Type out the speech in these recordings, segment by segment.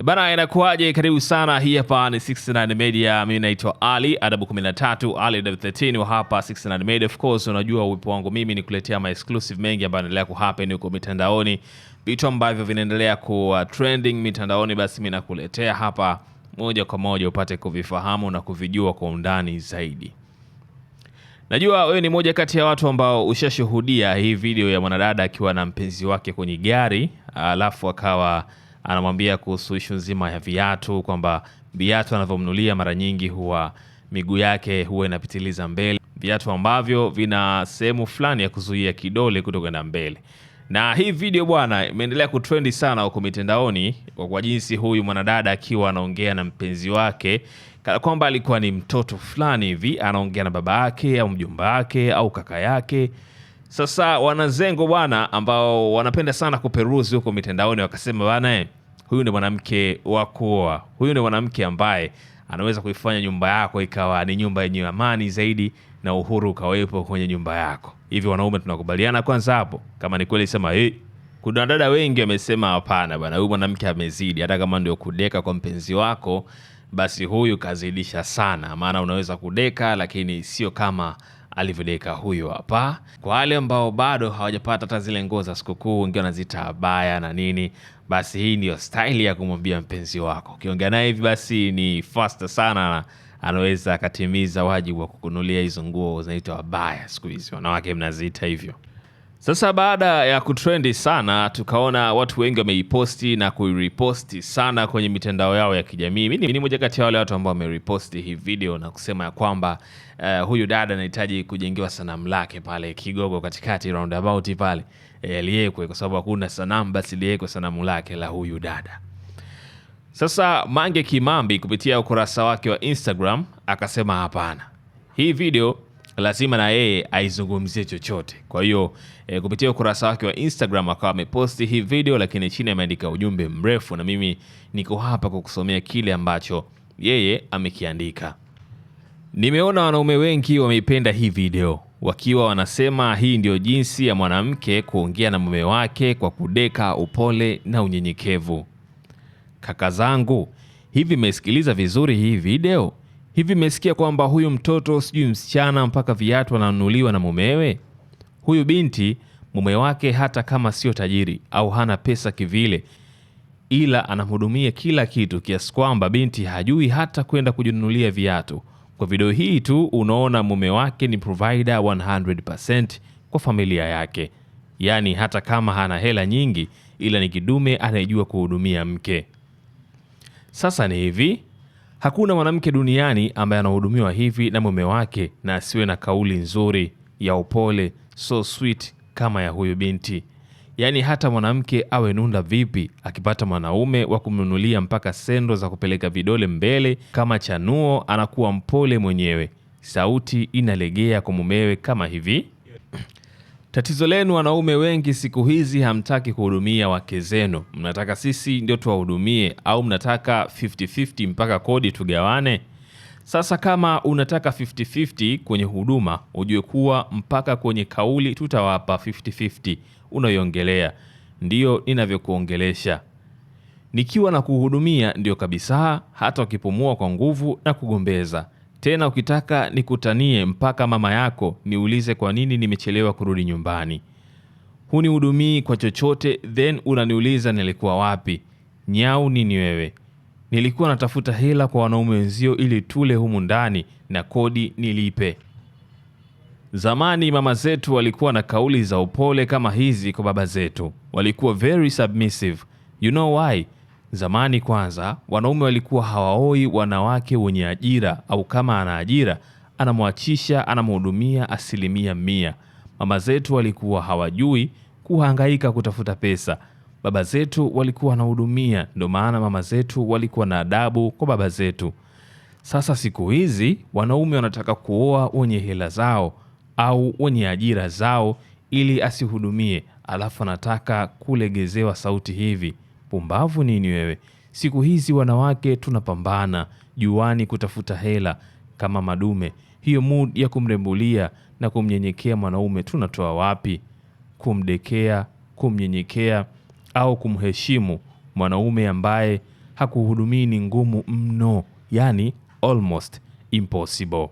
Eh, bana, inakuaje? Karibu sana, hii hapa ni 69 Media. Mimi naitwa Ali Adabu 13, Ali Adabu 13 wa hapa 69 Media. Of course, unajua uwepo wangu mimi ni kuletea ma exclusive mengi ambayo yanaendelea ku happen huko mitandaoni, vitu ambavyo vinaendelea ku uh, trending mitandaoni, basi mimi nakuletea hapa moja kwa moja upate kuvifahamu na kuvijua kwa undani zaidi. Najua wewe ni moja kati ya watu ambao ushashuhudia hii video ya mwanadada akiwa na mpenzi wake kwenye gari alafu akawa anamwambia kuhusu ishu nzima ya viatu, kwamba viatu anavyomnulia mara nyingi huwa miguu yake huwa inapitiliza mbele, viatu ambavyo vina sehemu fulani ya kuzuia kidole kutokwenda mbele. Na hii video bwana, imeendelea kutrendi sana huko mitandaoni kwa jinsi huyu mwanadada akiwa anaongea na mpenzi wake kana kwamba alikuwa ni mtoto fulani hivi, anaongea na baba yake au mjumba wake au kaka yake sasa wanazengo bwana, ambao wanapenda sana kuperuzi huko mitandaoni, wakasema bwana, huyu ni mwanamke wa kuoa, huyu ni mwanamke ambaye anaweza kuifanya nyumba yako ikawa ni nyumba yenye amani zaidi na uhuru ukawepo kwenye nyumba yako. Hivi wanaume tunakubaliana kwanza hapo, kama ni kweli sema hey. Kuna dada wengi wamesema hapana bwana, huyu mwanamke amezidi. Hata kama ndio kudeka kwa mpenzi wako, basi huyu kazidisha sana, maana unaweza kudeka lakini sio kama alivyodeka huyu hapa. Kwa wale ambao bado hawajapata hata zile nguo za sikukuu, wengi wanaziita abaya na nini, basi hii ndiyo staili ya kumwambia mpenzi wako. Ukiongea naye hivi, basi ni faster sana na anaweza akatimiza wajibu wa kukunulia hizo nguo zinaitwa abaya. Siku hizi wanawake mnaziita hivyo. Sasa baada ya kutrendi sana, tukaona watu wengi wameiposti na kuiriposti sana kwenye mitandao yao ya kijamii. Mi ni moja kati ya wale watu ambao wameriposti hii video na kusema ya kwamba uh, huyu dada anahitaji kujengewa sanamu lake pale Kigogo katikati roundabout pale e, liekwe, kwa sababu hakuna sanamu, basi liekwe sanamu lake la huyu dada. Sasa Mange Kimambi kupitia ukurasa wake wa Instagram akasema hapana, hii video lazima na yeye aizungumzie chochote. Kwa hiyo e, kupitia ukurasa wake wa Instagram akawa ameposti hii video, lakini chini ameandika ujumbe mrefu, na mimi niko hapa kukusomea kile ambacho yeye amekiandika. Nimeona wanaume wengi wameipenda hii video wakiwa wanasema hii ndio jinsi ya mwanamke kuongea na mume wake kwa kudeka upole na unyenyekevu. Kaka zangu, hivi mmesikiliza vizuri hii video? Hivi mmesikia kwamba huyu mtoto sijui msichana mpaka viatu ananunuliwa na mumewe? Huyu binti mume wake hata kama sio tajiri au hana pesa kivile, ila anamhudumia kila kitu, kiasi kwamba binti hajui hata kwenda kujinunulia viatu. Kwa video hii tu unaona mume wake ni provider 100% kwa familia yake, yaani hata kama hana hela nyingi, ila ni kidume anayejua kuhudumia mke. Sasa ni hivi Hakuna mwanamke duniani ambaye anahudumiwa hivi na mume wake, na asiwe na kauli nzuri ya upole so sweet kama ya huyu binti. Yaani hata mwanamke awe nunda vipi, akipata mwanaume wa kumnunulia mpaka sendo za kupeleka vidole mbele kama chanuo, anakuwa mpole mwenyewe. Sauti inalegea kwa mumewe kama hivi. Tatizo lenu wanaume wengi siku hizi hamtaki kuhudumia wake zenu, mnataka sisi ndio tuwahudumie, au mnataka 50-50 mpaka kodi tugawane. Sasa kama unataka 50-50 kwenye huduma, ujue kuwa mpaka kwenye kauli tutawapa 50-50 unayoongelea. Ndiyo ninavyokuongelesha nikiwa na kuhudumia, ndio kabisa, hata ukipumua kwa nguvu na kugombeza tena ukitaka nikutanie mpaka mama yako, niulize kwa nini nimechelewa kurudi nyumbani. Hunihudumii kwa chochote, then unaniuliza nilikuwa wapi? Nyau nini wewe? Nilikuwa natafuta hela kwa wanaume wenzio ili tule humu ndani na kodi nilipe. Zamani mama zetu walikuwa na kauli za upole kama hizi kwa baba zetu, walikuwa very submissive. You know why? Zamani kwanza wanaume walikuwa hawaoi wanawake wenye ajira au kama ana ajira anamwachisha, anamhudumia asilimia mia. Mama zetu walikuwa hawajui kuhangaika kutafuta pesa, baba zetu walikuwa wanahudumia. Ndio maana mama zetu walikuwa na adabu kwa baba zetu. Sasa siku hizi wanaume wanataka kuoa wenye hela zao au wenye ajira zao ili asihudumie, alafu anataka kulegezewa sauti hivi. Pumbavu nini wewe? Siku hizi wanawake tunapambana juani kutafuta hela kama madume. Hiyo mood ya kumrembulia na kumnyenyekea mwanaume tunatoa wapi? Kumdekea, kumnyenyekea au kumheshimu mwanaume ambaye hakuhudumii ni ngumu mno, yani almost impossible.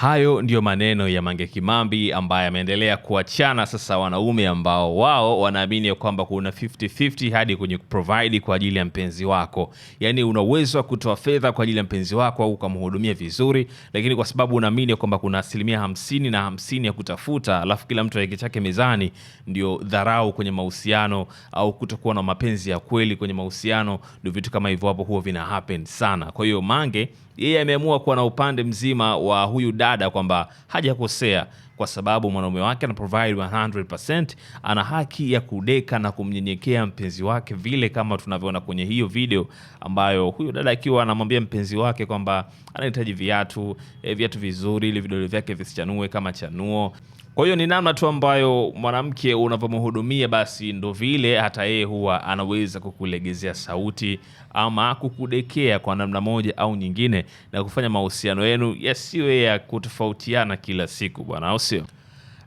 Hayo ndiyo maneno ya Mange Kimambi ambaye ameendelea kuachana sasa wanaume ambao wao wanaamini ya kwamba kuna 50-50 hadi kwenye kuprovide kwa ajili ya mpenzi wako, yaani una uwezo wa kutoa fedha kwa ajili ya mpenzi wako au ukamhudumia vizuri, lakini kwa sababu unaamini kwamba kuna asilimia hamsini na hamsini ya kutafuta, alafu kila mtu aweke chake mezani, ndio dharau kwenye mahusiano au kutokuwa na mapenzi ya kweli kwenye mahusiano, ndio vitu kama hivyo hapo huwa vina happen sana. Kwa hiyo Mange yeye ameamua kuwa na upande mzima wa huyu dada kwamba hajakosea kwa sababu mwanaume wake ana provide 100%, ana haki ya kudeka na kumnyenyekea mpenzi wake vile kama tunavyoona kwenye hiyo video ambayo huyo dada akiwa anamwambia mpenzi wake kwamba anahitaji viatu eh, viatu vizuri ili vidole vyake visichanue kama chanuo. Kwa hiyo ni namna tu ambayo mwanamke unavyomhudumia basi ndo vile hata yeye huwa anaweza kukulegezea sauti ama kukudekea kwa namna moja au nyingine na kufanya mahusiano yenu yasiwe ya kutofautiana kila siku bwana sio?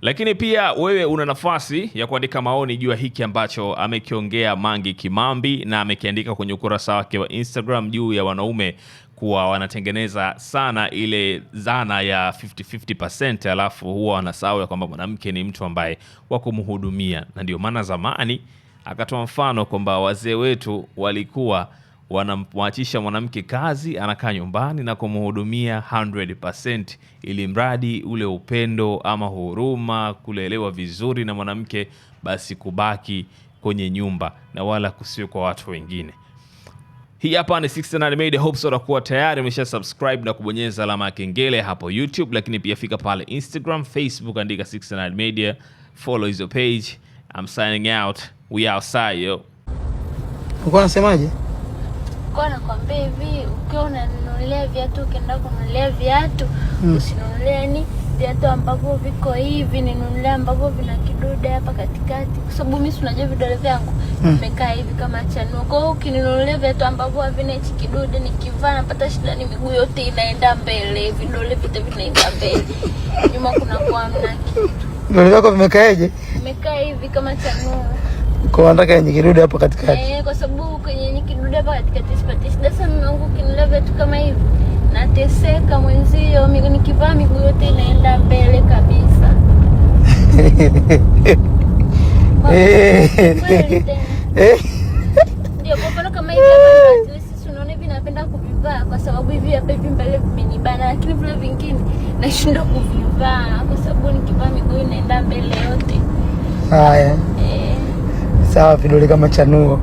Lakini pia wewe una nafasi ya kuandika maoni juu ya hiki ambacho amekiongea Mangi Kimambi na amekiandika kwenye ukurasa wake wa Instagram juu ya wanaume kuwa wanatengeneza sana ile dhana ya 50-50%, alafu huwa wanasahau ya kwamba mwanamke ni mtu ambaye wa kumhudumia, na ndio maana zamani akatoa mfano kwamba wazee wetu walikuwa wanamwachisha mwanamke kazi, anakaa nyumbani na kumhudumia 100% ili mradi ule upendo ama huruma, kulelewa vizuri na mwanamke, basi kubaki kwenye nyumba na wala kusio kwa watu wengine. Hii hapa ni 69 Made. Hope so utakuwa tayari umesha subscribe na kubonyeza alama ya kengele hapo YouTube, lakini pia fika pale Instagram, Facebook, andika 69 Media, follow hizo page. I'm signing out, we outside yo. Uko unasemaje? kwa nakwambia hivi, ukiwa unanunulia viatu, ukienda kununulia viatu mm. usinunulie yani viatu ambavyo viko hivi, ninunulie ambavyo vina kidude hapa katikati, kwa sababu mimi unajua vidole vyangu hmm. vimekaa mm. hivi kama chanuo. Kwa hiyo ukininunulia viatu ambavyo havina hichi kidude, nikivaa napata shida, ni miguu yote inaenda mbele, vidole vyote vinaenda mbele, nyuma kuna kwa mna kitu. Vidole vyako vimekaaje? Vimekaa hivi kama chanuo, kwa nataka yenye kidude hapa katikati eh, kwa sababu kwenye labda katika tispatisda sana naangu kinila vitu kama hivi, nateseka mwenzio, nikivaa miguu yote inaenda mbele kabisa. Eh. Eh. Ndio kwa mfano kama hivi sisi unaona hivi, napenda kuvivaa kwa sababu hivi hapa hivi mbele vimenibana, lakini vile vingine nashinda kuvivaa kwa sababu nikivaa miguu inaenda mbele yote. Haya, eh. sawa, vidole kama chanuo